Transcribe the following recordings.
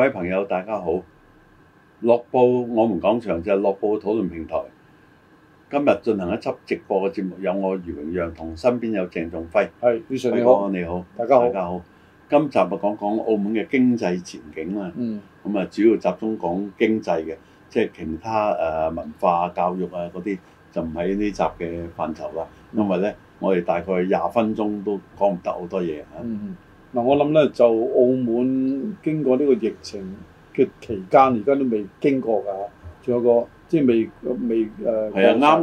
各位朋友，大家好！樂報我們講場就係樂報討論平台，今日進行一輯直播嘅節目，有我余榮陽同身邊有鄭仲輝。係，位你好，你好，大家好，大家好。今集咪講講澳門嘅經濟前景啊！嗯，咁啊，主要集中講經濟嘅，即係其他誒文化、教育啊嗰啲就唔喺呢集嘅範疇啦。嗯、因為咧，我哋大概廿分鐘都講唔得好多嘢嚇。嗯嗱，我諗咧就澳門經過呢個疫情嘅期間，而家都未經過㗎，仲有個即係未未誒。係啊，啱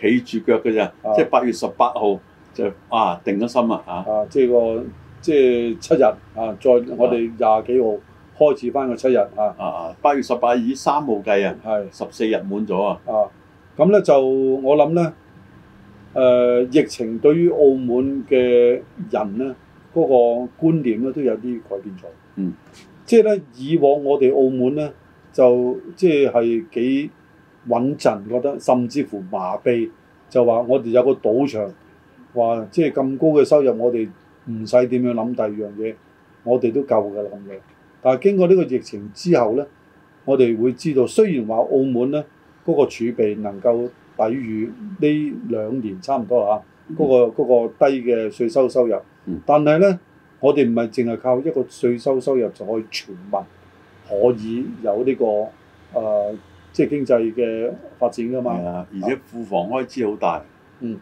啱企住腳嘅咋，即係八月十八號就啊定咗心啦嚇。啊，即係個即係七日啊，再我哋廿幾號開始翻個七日啊。啊啊，八月十八以三號計啊，係十四日滿咗啊。啊，咁咧就我諗咧誒，疫情對於澳門嘅人咧。嗰個觀念咧都有啲改變咗，嗯，即係咧以往我哋澳門咧就即係係幾穩陣，覺得甚至乎麻痹，就話我哋有個賭場，話即係咁高嘅收入，我哋唔使點樣諗第二樣嘢，我哋都夠㗎啦咁嘅。但係經過呢個疫情之後咧，我哋會知道，雖然話澳門咧嗰個儲備能夠抵禦呢兩年差唔多嚇，嗰、啊嗰個嗰個低嘅稅收收入。但係呢，我哋唔係淨係靠一個稅收收入就可以全民可以有呢、呢個誒、呃，即係經濟嘅發展㗎嘛。係啊、嗯，而且庫房開支好大。嗯，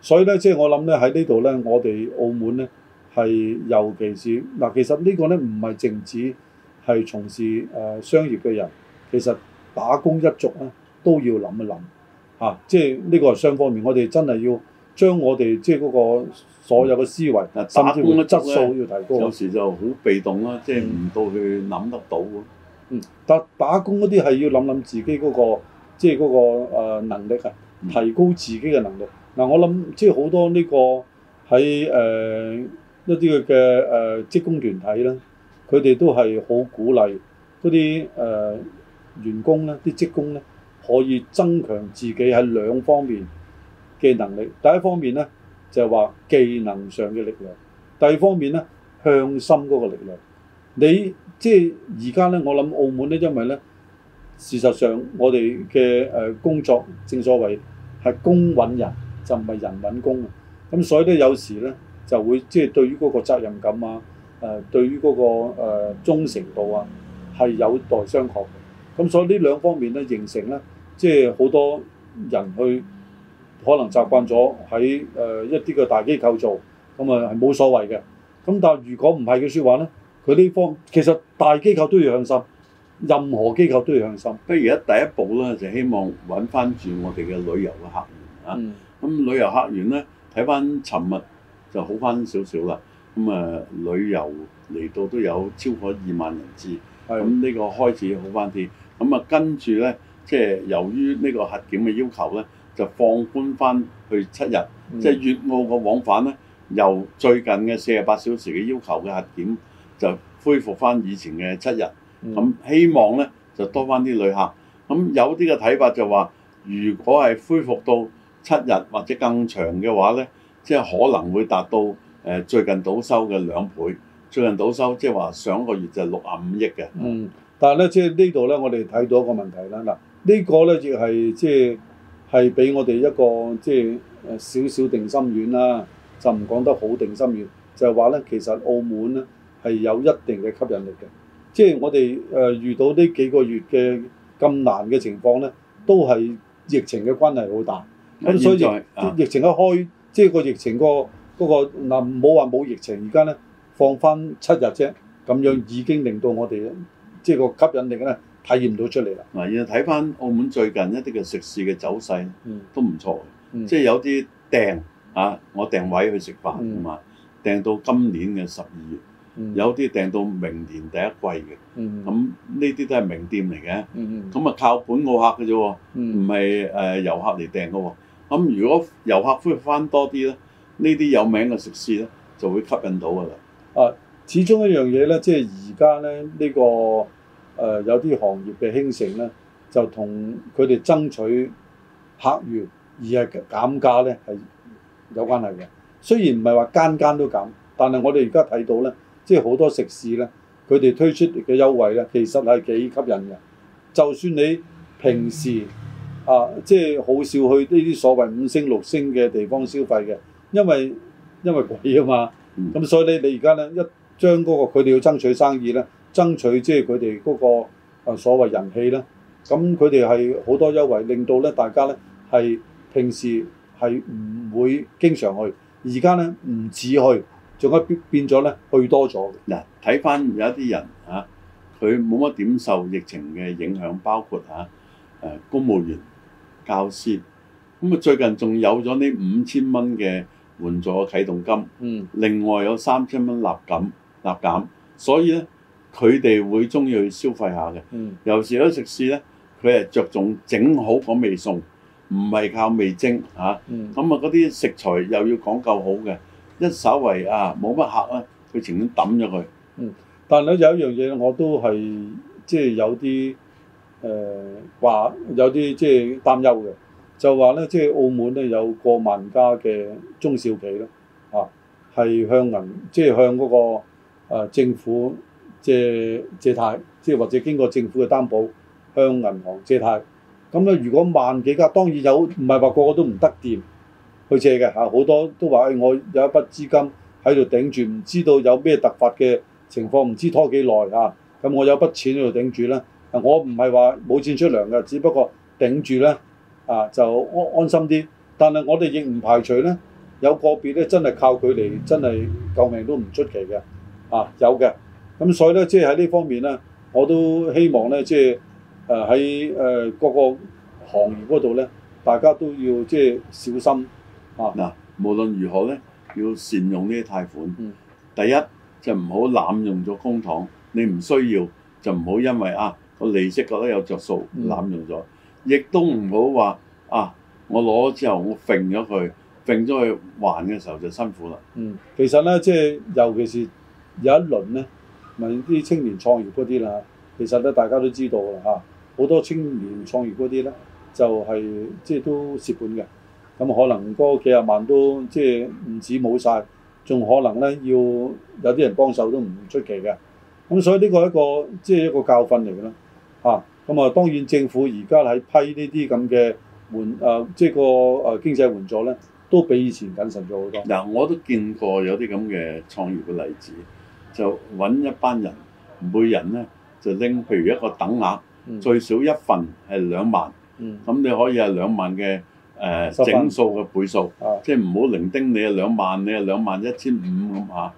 所以呢，即係我諗呢喺呢度呢，我哋澳門呢係尤其是嗱、呃，其實呢個呢唔係淨止係從事誒、呃、商業嘅人，其實打工一族呢都要諗一諗嚇、啊，即係呢個係雙方面。我哋真係要將我哋即係、嗰、嗰個。所有嘅思維，甚至乎個質素要提高。有時就好被動啦，即係唔到去諗得到。嗯，但打，打工嗰啲係要諗諗自己嗰個，即係嗰個能力啊，嗯、提高自己嘅能力。嗱、嗯，我諗即係好多、這個呃呃呃呃、呢個喺誒一啲嘅誒職工團體啦，佢哋都係好鼓勵嗰啲誒員工咧、啲職工咧，可以增強自己喺兩方面嘅能力。第一方面咧。就係話技能上嘅力量，第二方面咧，向心嗰個力量。你即係而家咧，我諗澳門咧，因為咧事實上我哋嘅誒工作，正所謂係工揾人就唔係人揾工啊。咁所以咧有時咧就會即係對於嗰個責任感啊，誒、呃、對於嗰、嗰個、呃、忠誠度啊係有待商榷嘅。咁所以呢兩方面咧形成咧，即係好多人去。可能習慣咗喺誒一啲嘅大機構做，咁啊係冇所謂嘅。咁但係如果唔係嘅説話咧，佢呢方其實大機構都要向心，任何機構都要向心。不如一第一步咧，就是、希望揾翻住我哋嘅旅遊嘅客源啊。咁旅遊客源咧，睇翻尋日就好翻少少啦。咁啊，旅遊嚟到都有超過二萬人次，咁呢的個開始好翻啲。咁啊、嗯，跟住咧，即、就、係、是、由於呢個核檢嘅要求咧。就放寬翻去七日，嗯、即係粵澳嘅往返呢由最近嘅四十八小時嘅要求嘅核檢，就恢復翻以前嘅七日。咁、嗯嗯、希望呢，就多翻啲旅客。咁、嗯、有啲嘅睇法就話，如果係恢復到七日或者更長嘅話呢，即係可能會達到誒、呃、最近倒收嘅兩倍。最近倒收即係話上個月就六啊五億嘅。嗯，但係呢，即係呢度呢，我哋睇到一個問題啦。嗱，呢、呢個呢，就係即係。係俾我哋一個即係誒少少定心丸啦，就唔講得好定心丸，就係話咧，其實澳門咧係有一定嘅吸引力嘅。即係我哋誒、呃、遇到呢幾個月嘅咁難嘅情況咧，都係疫情嘅關係好大。咁所以在疫情一開，即係個疫情、嗰個嗰個嗱，唔好話冇疫情，呢而家咧放翻七日啫，咁樣已經令到我哋、嗯、即係個吸引力咧。體驗到出嚟啦，嗱，要睇翻澳門最近一啲嘅食肆嘅走勢，都唔錯，即係有啲訂嚇，我訂位去食飯啊嘛，訂到今年嘅十二月，有啲訂到明年第一季嘅，咁呢啲都係名店嚟嘅，咁啊靠本澳客嘅啫喎，唔係誒遊客嚟訂嘅喎，咁如果遊客恢復翻多啲咧，呢啲有名嘅食肆咧就會吸引到噶啦。啊，始終一樣嘢咧，即係而家咧呢個。誒、呃、有啲行業嘅興盛呢，就同佢哋爭取客源而係減價呢係有關係嘅。雖然唔係話間間都減，但係我哋而家睇到呢，即係好多食肆呢，佢哋推出嘅優惠呢，其實係幾吸引嘅。就算你平時啊，即係好少去呢啲所謂五星、六星嘅地方消費嘅，因為因為貴啊嘛。咁所以你你而家呢，一將嗰、那個佢哋要爭取生意呢。爭取即係佢哋嗰個啊所謂人氣啦，咁佢哋係好多優惠，令到咧大家咧係平時係唔會經常去，而家咧唔止去，仲一變變咗咧去多咗。嗱，睇翻有一啲人嚇，佢冇乜點受疫情嘅影響，包括嚇誒公務員、教師，咁啊最近仲有咗呢五千蚊嘅援助啟動金，嗯，另外有三千蚊立減立減，所以咧，佢哋會中意去消費下嘅，有時嗰食肆咧，佢係着重整好個味餸，唔係靠味精嚇。咁啊，嗰啲、嗯、食材又要講究好嘅。一稍為啊冇乜客咧，佢情願抌咗佢。但係咧有一樣嘢我都係即係有啲誒、呃、話，有啲即係擔憂嘅，就話咧即係澳門咧有過萬家嘅中小企咯嚇，係、啊、向銀即係向嗰個政府。借借貸，即係或者經過政府嘅擔保向銀行借貸。咁咧，如果萬幾家當然有，唔係話個個都唔得掂去借嘅嚇。好，啊，多都話，哎，我有一筆資金喺度頂住，唔知道有咩突發嘅情況，唔知拖幾耐嚇。咁，啊，我有筆錢喺度頂住咧。我唔係話冇錢出糧嘅，只不過頂住咧啊，就安安心啲。但係我哋亦唔排除咧，有個別咧真係靠佢嚟，真係救命都唔出奇嘅。啊，有嘅。咁所以咧，即係喺呢方面咧，我都希望咧，即係誒喺誒各個行業嗰度咧，大家都要即係小心啊！嗱，無論如何咧，要善用呢啲貸款。嗯、第一就唔好濫用咗公帑，你唔需要就唔好因為啊個利息覺得有著數濫用咗，亦、嗯、都唔好話啊我攞咗之後我揈咗佢，揈咗佢還嘅時候就辛苦啦。嗯，其實咧，即係尤其是有一輪咧。啲青年創業嗰啲啦，其實咧，大家都知道啦嚇，好、啊、多青年創業嗰啲咧就係、是、即係都蝕本嘅，咁可能嗰幾廿萬都即係唔止冇晒，仲可能咧要有啲人幫手都唔出奇嘅。咁所以呢個係一個即係一個教訓嚟嘅啦嚇。咁啊當然政府而家喺批呢啲咁嘅援啊即係個啊經濟援助咧，都比以前謹慎咗好多。嗱、呃，我都見過有啲咁嘅創業嘅例子。就揾一班人，每人咧就拎，譬如一個等額，最少一份係兩萬，咁你可以係兩萬嘅誒整數嘅倍數，即係唔好零丁你兩萬，你兩萬一千五咁啊。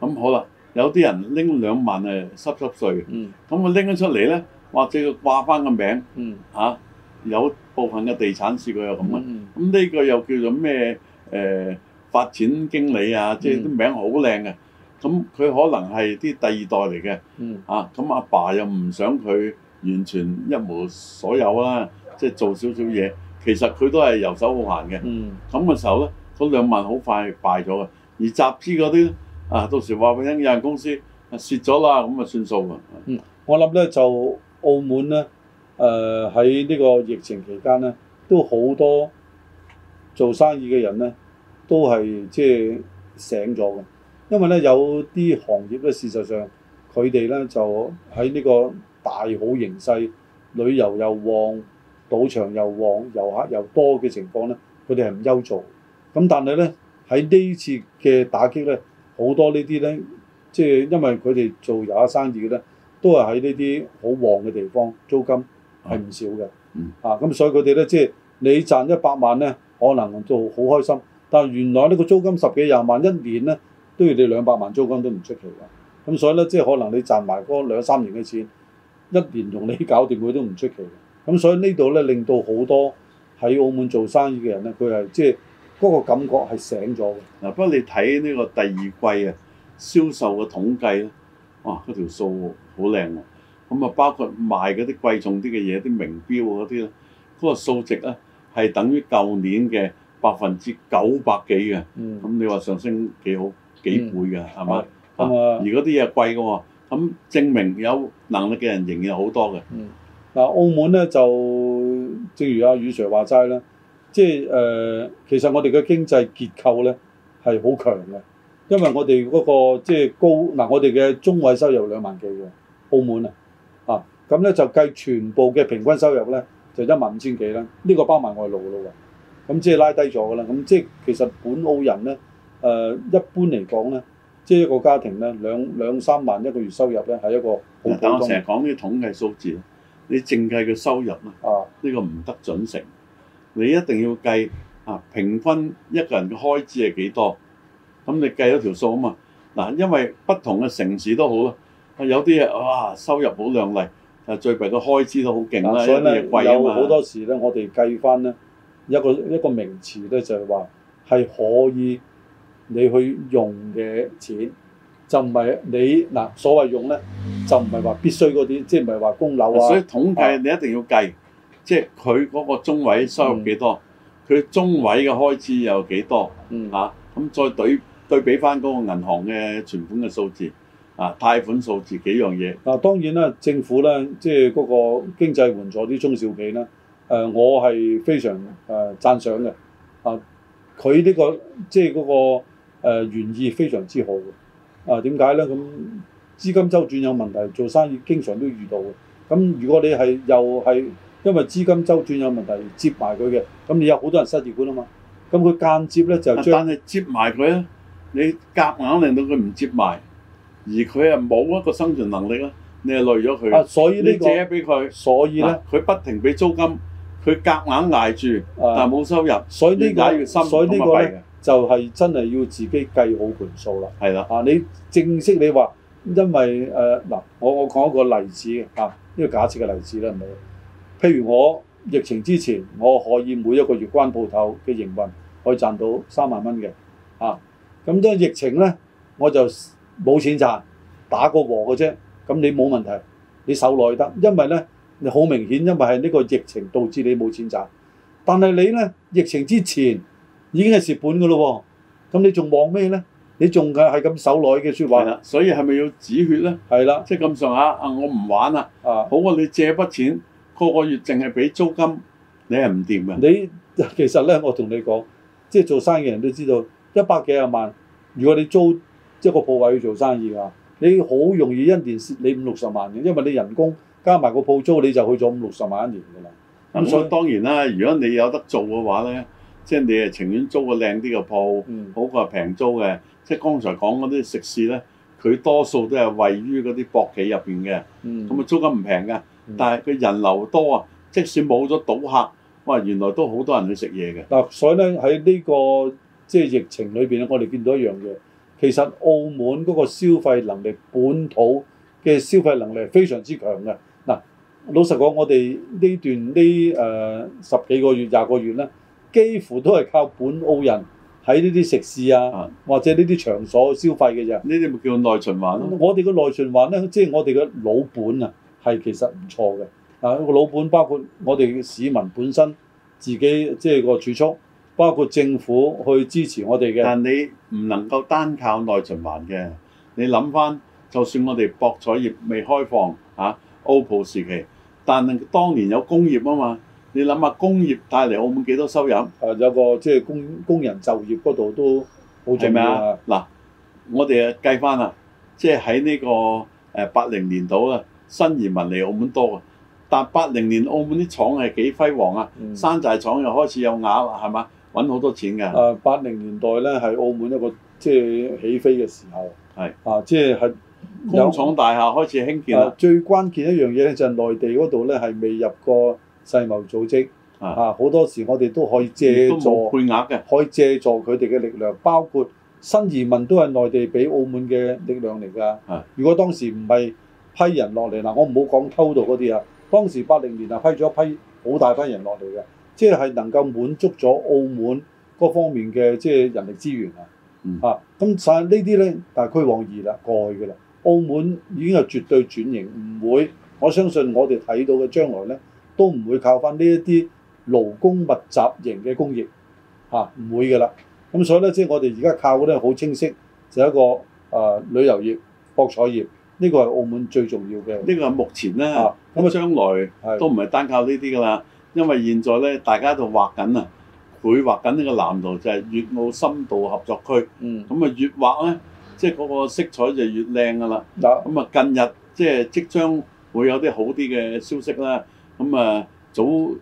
咁好啦，有啲人拎兩萬誒濕濕碎，咁佢拎咗出嚟咧，或者佢掛翻個名，嚇有部分嘅地產試佢又咁嘅，咁呢個又叫做咩誒發展經理啊，即係啲名好靚嘅。咁佢可能係啲第二代嚟嘅，嗯、啊，咁阿爸、爸又唔想佢完全一無所有啦，即、就、係、是、做少少嘢。其實佢都係遊手好閒嘅。咁嘅、嗯、時候咧，嗰兩萬好快就敗咗嘅。而集資嗰啲啊，到時話俾人有限公司蝕咗啦，咁啊算數㗎。嗯，我諗咧就澳門咧，誒喺呢個疫情期間咧，都好多做生意嘅人咧，都係即係醒咗㗎。因為咧有啲行業咧，事實上佢哋咧就喺呢個大好形勢，旅遊又旺，賭場又旺，遊客又多嘅情況咧，佢哋係唔休做。咁但係咧喺呢次嘅打擊咧，好多呢啲咧，即係因為佢哋做遊客生意嘅咧，都係喺呢啲好旺嘅地方，租金係唔少嘅。嗯。啊，咁所以佢哋咧即係你賺一百萬咧，可能都好開心。但係原來呢個租金十幾廿萬一年咧。都要你兩百萬租金都唔出奇㗎，咁所以咧，即係可能你賺埋嗰兩三年嘅錢，一年同你搞掂佢都唔出奇嘅。咁所以呢度咧，令到好多喺澳門做生意嘅人咧，佢係即係嗰個感覺係醒咗嘅。嗱、啊，不過你睇呢個第二季啊，銷售嘅統計咧，哇，嗰條數好靚喎。咁啊，包括賣嗰啲貴重啲嘅嘢，啲名錶嗰啲咧，嗰個數值咧係等於舊年嘅百分之九百幾嘅。嗯。咁你話上升幾好？嗯、幾倍㗎，係咪？如果啲嘢貴嘅喎，咁證明有能力嘅人仍然好多嘅。嗱、嗯，澳門咧就正如阿雨 Sir 話齋啦，即係誒、呃，其實我哋嘅經濟結構咧係好強嘅，因為我哋嗰、嗰個即係高嗱、呃，我哋嘅中位收入兩萬幾嘅，澳門啊，啊咁咧就計全部嘅平均收入咧就一萬五千幾啦，呢、呢個包埋外勞嘅喎，咁即係拉低咗㗎啦，咁即係其實本澳人咧。誒、uh, 一般嚟講咧，即係一個家庭咧，兩兩三萬一個月收入咧，係一個好普通。但我成日講啲統計數字，你淨計嘅收入啦，呢、啊、個唔得準成。你一定要計啊，平均一個人嘅開支係幾多？咁你計咗條數啊嘛。嗱、啊，因為不同嘅城市都好啦，有啲嘢哇收入好亮麗，但係最弊個開支都好勁啦，一啲嘢貴啊嘛。好多時咧，我哋計翻咧一個一個名詞咧，就係話係可以。你去用嘅錢就唔係你嗱、啊、所謂用咧，就唔係話必須嗰啲，即係唔係話供樓、啊、所以統計你一定要計，啊、即係佢嗰個中位收入幾多，佢、嗯、中位嘅開支有幾多？嚇、嗯、咁、啊、再對對比翻嗰個銀行嘅存款嘅數字啊，貸款數字幾樣嘢？嗱、啊、當然啦，政府咧即係嗰個經濟援助啲中小企咧，誒、呃、我係非常誒、呃、讚賞嘅啊！佢呢個即係嗰個。誒原、呃、意非常之好嘅，啊點解咧？咁資金周轉有問題，做生意經常都遇到嘅。咁如果你係又係因為資金周轉有問題接埋佢嘅，咁你有好多人失業㗎啊嘛。咁佢間接咧就將、是啊，你接埋佢咧，你夾硬令到佢唔接埋，而佢啊冇一個生存能力啊，呢個、你係累咗佢所以呢個，你俾佢，所以咧，佢不停俾租金，佢夾硬，硬捱住，啊、但係冇收入，所以呢個、越捱越辛苦啊！就係真係要自己計好盤數啦。係啦，吓，啊，你正式你話，因為誒嗱、呃，我我講一個例子嘅呢、啊這個假設嘅例子啦，唔、啊、係。譬如我疫情之前，我可以每一個月關鋪頭嘅營運，可以賺到三萬蚊嘅嚇。咁即係疫情咧，我就冇錢賺，打個和嘅啫。咁你冇問題，你守耐得，因為咧你好明顯，因為係呢個疫情導致你冇錢賺。但係你咧疫情之前。已經係蝕本㗎咯喎，咁你仲望咩咧？你仲係係咁守耐嘅説話，所以係咪要止血咧？係啦的，即係咁上下啊！我唔玩啦啊！好過，你借一筆錢，個個月淨係俾租金，你係唔掂嘅。你其實咧，我同你講，即係做生意人都知道，一百幾廿萬，如果你租即係、就是、個鋪位去做生意啊，你好容易一年蝕你五六十萬嘅，因為你人工加埋個鋪租，你就去咗五六十萬一年㗎啦。咁所以當然啦，如果你有得做嘅話咧。即係你係情願租個靚啲嘅鋪，嗯、好過係平租嘅。即係剛才講嗰啲食肆咧，佢多數都係位於嗰啲博企入邊嘅，咁啊、嗯、租金唔平嘅。嗯、但係佢人流多啊，即使冇咗賭客，哇，原來都好多人去食嘢嘅。嗱、嗯，所以咧，喺呢、呢個即係、即係、疫情裏邊咧，我哋見到一樣嘢，其實澳門嗰個消費能力，本土嘅消費能力係非常之強嘅。嗱、嗯，老實講，我哋呢段呢誒十幾個月、廿個月咧。幾乎都係靠本澳人喺呢啲食肆啊，啊或者呢啲場所消費嘅啫。呢啲咪叫內循環咯、啊。我哋個內循環咧，即、就、係、是、我哋嘅老本啊，係其實唔錯嘅。啊，個老本包括我哋市民本身自己即係、就是、個儲蓄，包括政府去支持我哋嘅。但你唔能夠單靠內循環嘅，你諗翻，就算我哋博彩業未開放、啊，澳葡時期，但係當年有工業啊嘛。你諗下工業帶嚟澳門幾多收入？誒、啊、有個即係工工人就業嗰度都好正咩啊？嗱，我哋誒計返啦，即係喺呢個誒八零年代啦，新移民嚟澳門多嘅。但八零年澳門啲廠係幾輝煌啊！山寨廠又開始有鴨啦，係嘛？搵好多錢㗎。誒八零年代咧係澳門一個即係、就是、起飛嘅時候。係是。啊，即係係工廠大廈開始興建啦、啊。最關鍵一樣嘢咧就係內地嗰度咧係未入過。世貿組織啊，好多時我哋都可以借助配額嘅，可以借助佢哋嘅力量，包括新移民都係內地俾澳門嘅力量嚟㗎。啊、如果當時唔係批人落嚟嗱，我唔好講偷渡嗰啲啊，當時八零年啊批咗一批好大批人落嚟嘅，即、就、係、是、能夠滿足咗澳門各方面嘅即係人力資源、嗯、啊。啊，咁但係呢啲呢，但係虛妄二啦，過去㗎啦。澳門已經係絕對轉型，唔會我相信我哋睇到嘅將來呢。都唔會靠翻呢一啲勞工密集型嘅工業，嚇、啊、唔會噶啦。咁所以咧，即係我哋而家靠嗰啲好清晰，就是、一個誒、呃、旅遊業、博彩業，呢、這個係澳門最重要嘅。呢個係目前啦，咁啊將來都唔係單靠呢啲噶啦，吧因為現在咧，大家都畫緊啊，繪畫緊呢個藍圖就係粵澳深度合作區。嗯，咁啊、嗯、越畫咧，即係嗰個色彩就越靚噶啦。嗱吧，咁啊近日、就是、即係即將會有啲好啲嘅消息啦。咁啊、嗯，早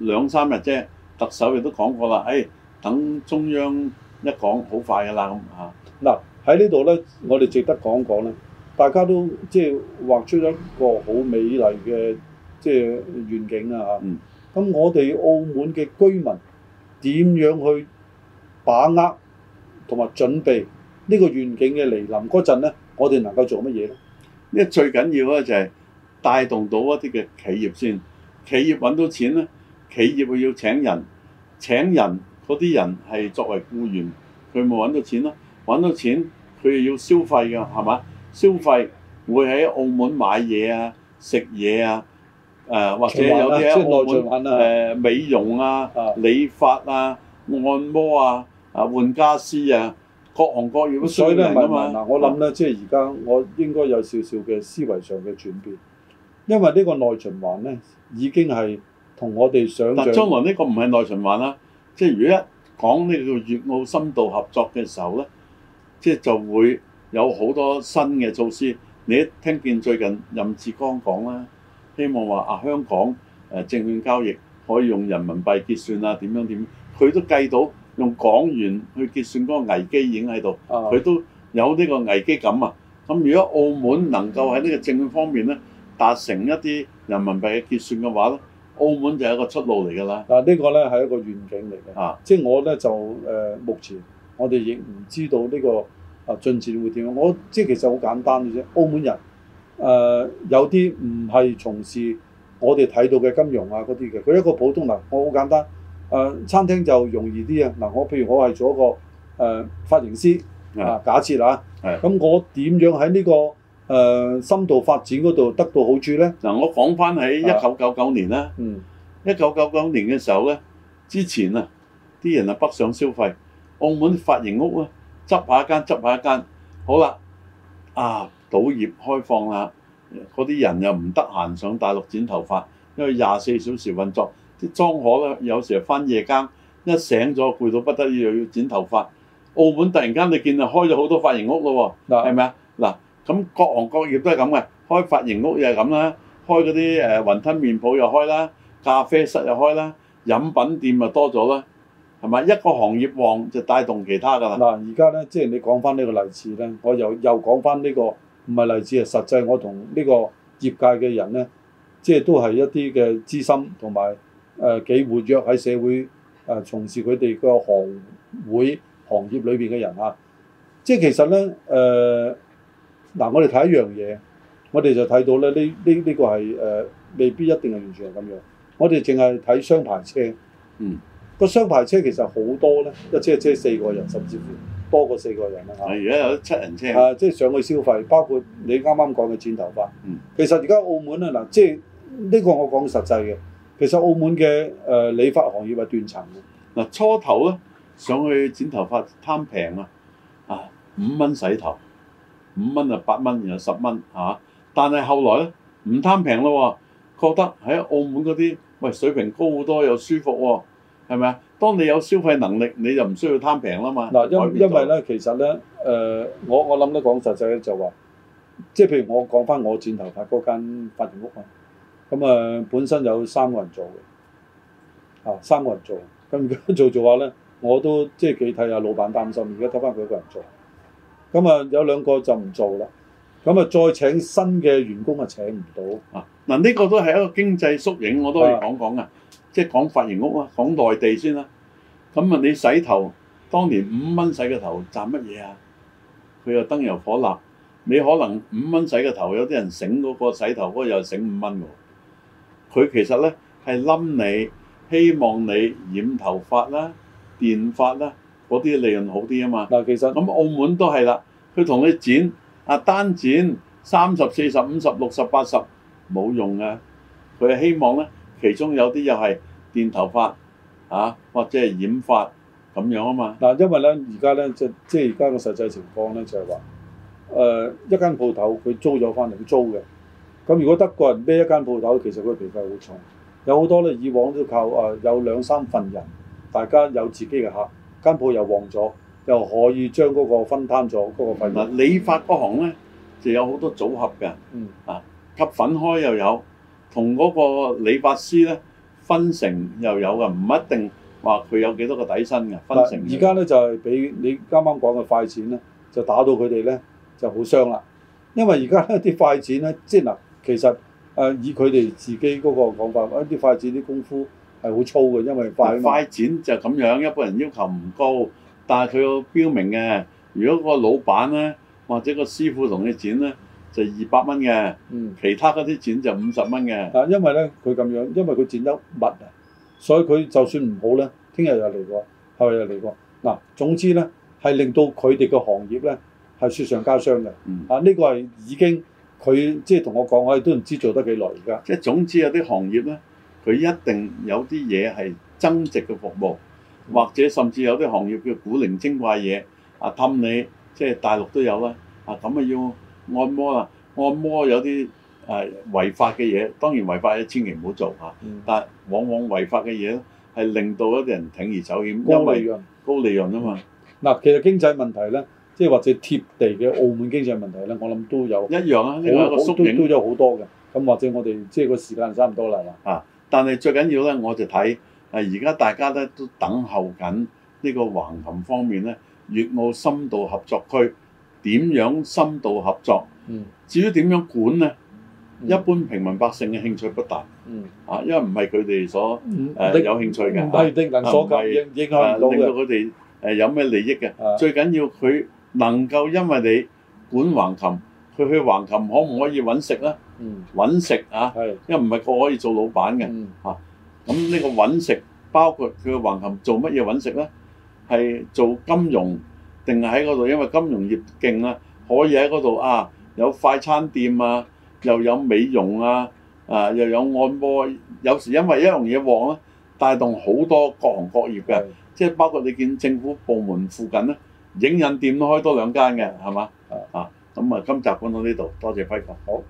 兩三日啫，特首亦都講過啦。誒、哎，等中央一講，好快噶啦咁啊。嗱、嗯，喺呢度咧，我哋值得講講咧，大家都即係、就是、畫出一個好美麗嘅即係願景啊。嚇。咁我哋澳門嘅居民點樣去把握同埋準備個呢個願景嘅嚟臨嗰陣咧？我哋能夠做乜嘢咧？呢最緊要咧就係帶動到一啲嘅企業先。企業揾到錢咧，企業會要請人，請人嗰啲人係作為僱員，佢冇揾到錢啦，揾到錢佢要消費㗎，係嘛？嗯、消費會喺澳門買嘢啊，食嘢啊，誒、呃、或者有啲喺澳門誒、啊呃、美容啊、嗯、理髮啊、按摩啊、啊換家私啊，各行各業都需要揾錢。嗱我諗咧，即係而家我應該有少少嘅思維上嘅轉變。因為呢個內循環呢，已經係同我哋想象，但係將來呢個唔係內循環啦，即係如果一講呢個粵澳深度合作嘅時候呢，即係就會有好多新嘅措施。你一聽見最近任志剛講啦，希望話啊香港誒證券交易可以用人民幣結算啊，點樣點？佢都計到用港元去結算嗰個危機已經喺度，佢、啊、都有呢個危機感啊。咁如果澳門能夠喺呢個證券方面呢。達成一啲人民幣嘅結算嘅話咯，澳門就係一個出路嚟㗎啦。嗱、啊，呢個咧係一個願景嚟嘅。啊，即係我咧就誒、呃，目前我哋亦唔知道呢個啊進展會點樣。我即係其實好簡單嘅啫。澳門人誒、呃、有啲唔係從事我哋睇到嘅金融啊嗰啲嘅。佢一個普通人嗱，我好簡單誒、呃，餐廳就容易啲啊。嗱、呃，我譬如我係做一個誒髮型師啊，假設啊，咁的我點樣喺呢、這個？誒、呃、深度發展嗰度得到好處咧嗱、啊，我講翻喺一九九九年啦，一九九九年嘅時候咧，之前啊，啲人啊北上消費，澳門髮型屋啊，執下一間執下一間，好啦，啊，賭業開放啦，嗰啲人又唔得閒上大陸剪頭髮，因為廿四小時運作，啲莊荷咧有時啊翻夜更，一醒咗攰到不得了又要剪頭髮，澳門突然間你見到開咗好多髮型屋咯喎，係咪啊？嗱咁各行各業都係咁嘅，開髮型屋又係咁啦，開嗰啲誒雲吞麵鋪又開啦，咖啡室又開啦，飲品店啊多咗啦，係咪一個行業旺就帶動其他㗎啦？嗱，而家咧即係你講翻呢個例子咧，我又又講翻呢個唔係例子啊，實際我同呢個業界嘅人咧，即係都係一啲嘅資深同埋誒幾活躍喺社會誒從事佢哋個行會行業裏邊嘅人啊，即係其實咧誒。呃嗱，我哋睇一樣嘢，我哋就睇到咧，呢呢呢個係誒、呃、未必一定係完全係咁樣。我哋淨係睇雙牌車，嗯，個雙牌車其實好多咧，一車一車四個人，甚至乎多過四個人啦嚇。而家有七人車啊，即係上去消費，包括你啱啱講嘅剪頭髮。嗯，其實而家澳門咧嗱，即係呢個我講實際嘅，其實澳門嘅誒、呃、理髮行業係斷層嘅。嗱，初頭咧上去剪頭髮貪平啊，啊五蚊洗頭。五蚊啊，八蚊，然後十蚊嚇，但係後來咧唔貪平咯喎，覺得喺澳門嗰啲喂，水平高好多，又舒服喎、啊，係咪啊？當你有消費能力，你就唔需要貪平啦嘛。嗱、嗯，因因為咧其實咧誒、呃，我我諗得講實際咧就話、是，即係譬如我講翻我剪頭髮嗰間髮型屋啊，咁、嗯、啊、呃、本身有三個人做嘅嚇、啊，三個人做，咁而家做做下咧，我都即係幾睇下老闆擔心，而家得翻佢一個人做。咁啊，有兩個就唔做啦。咁啊，再請新嘅員工啊，請唔到啊。嗱，呢個都係一個經濟縮影，我都可以講講啊。的即係講髮型屋啊，講內地先啦。咁啊，你洗頭，當年五蚊洗個頭賺乜嘢啊？佢又燈油火蠟，你可能五蚊洗個頭，有啲人醒嗰個洗頭哥、嗰個、又醒五蚊喎。佢其實咧係冧你，希望你染頭髮啦、電髮啦。嗰啲利潤好啲啊嘛！但其實咁澳門都係啦，佢同你剪啊，單剪三十四十五十六十八十冇用嘅，佢希望咧其中有啲又係電頭髮啊或者係染髮咁樣啊嘛！嗱，因為咧而家咧即即而家個實際情況咧就係話誒，一間鋪頭佢租咗翻嚟，佢租嘅咁，如果德國人孭一間鋪頭，其實佢皮費好重，有好多咧以往都靠誒、呃、有兩三份人，大家有自己嘅客。間鋪又旺咗，又可以將嗰個分攤咗嗰個快錢。嗱，理髮嗰行咧就有好多組合嘅，嗯啊，吸粉開又有，同嗰個理髮師咧分成又有㗎，唔一定話佢有幾多個底薪嘅，分成而。而家咧就係、是、俾你啱啱講嘅快錢咧，就打到佢哋咧就好傷啦，因為而家咧啲快錢咧，即係嗱，其實誒、呃、以佢哋自己嗰個講法，一啲快錢啲功夫。係好粗嘅，因為快剪就咁樣，一般人要求唔高，但係佢有標明嘅。如果個老闆咧，或者個師傅同你剪咧，就二百蚊嘅；其他嗰啲剪就五十蚊嘅。但因為咧佢咁樣，因為佢剪得密啊，所以佢就算唔好咧，聽日又嚟過，後日又嚟過。嗱，總之咧係令到佢哋個行業咧係雪上加霜嘅。啊，呢個係已經佢即係同我講，我哋都唔知做得幾耐而家。即係總之有啲行業咧。佢一定有啲嘢係增值嘅服務，或者甚至有啲行業叫古靈精怪嘢啊，氹你即係、就是、大陸都有啦。啊，咁啊要按摩啦，按摩有啲誒、啊、違法嘅嘢，當然違法嘢千祈唔好做嚇、啊。但係往往違法嘅嘢咧，係令到一啲人鋌而走險，因為高利潤啊嘛。嗱，其實經濟問題咧，即係或者貼地嘅澳門經濟問題咧，我諗都有一樣啊，呢個縮影都有好多嘅。咁或者我哋即係個時間差唔多啦，係嘛？但係最緊要咧，我就睇啊！而家大家咧都等候緊呢個橫琴方面咧，粵澳深度合作區點樣深度合作？嗯，至於點樣管咧，一般平民百姓嘅興趣不大。嗯，啊，因為唔係佢哋所誒有興趣嘅。所急，應該、啊、令到佢哋誒有咩利益嘅？啊、最緊要佢能夠因為你管橫琴。佢去橫琴可唔可以揾食呢？揾、嗯、食啊，的因為唔係個可以做老闆嘅嚇。咁呢、嗯啊、個揾食包括佢去橫琴做乜嘢揾食呢？係做金融定係喺嗰度？因為金融業勁啊，可以喺嗰度啊，有快餐店啊，又有美容啊，啊又有按摩。有時因為一樣嘢旺啦、啊，帶動好多各行各業嘅，即係的包括你見政府部門附近呢，影印店都開多兩間嘅，係嘛？啊！咁啊，今集講到呢度，多謝輝哥，好。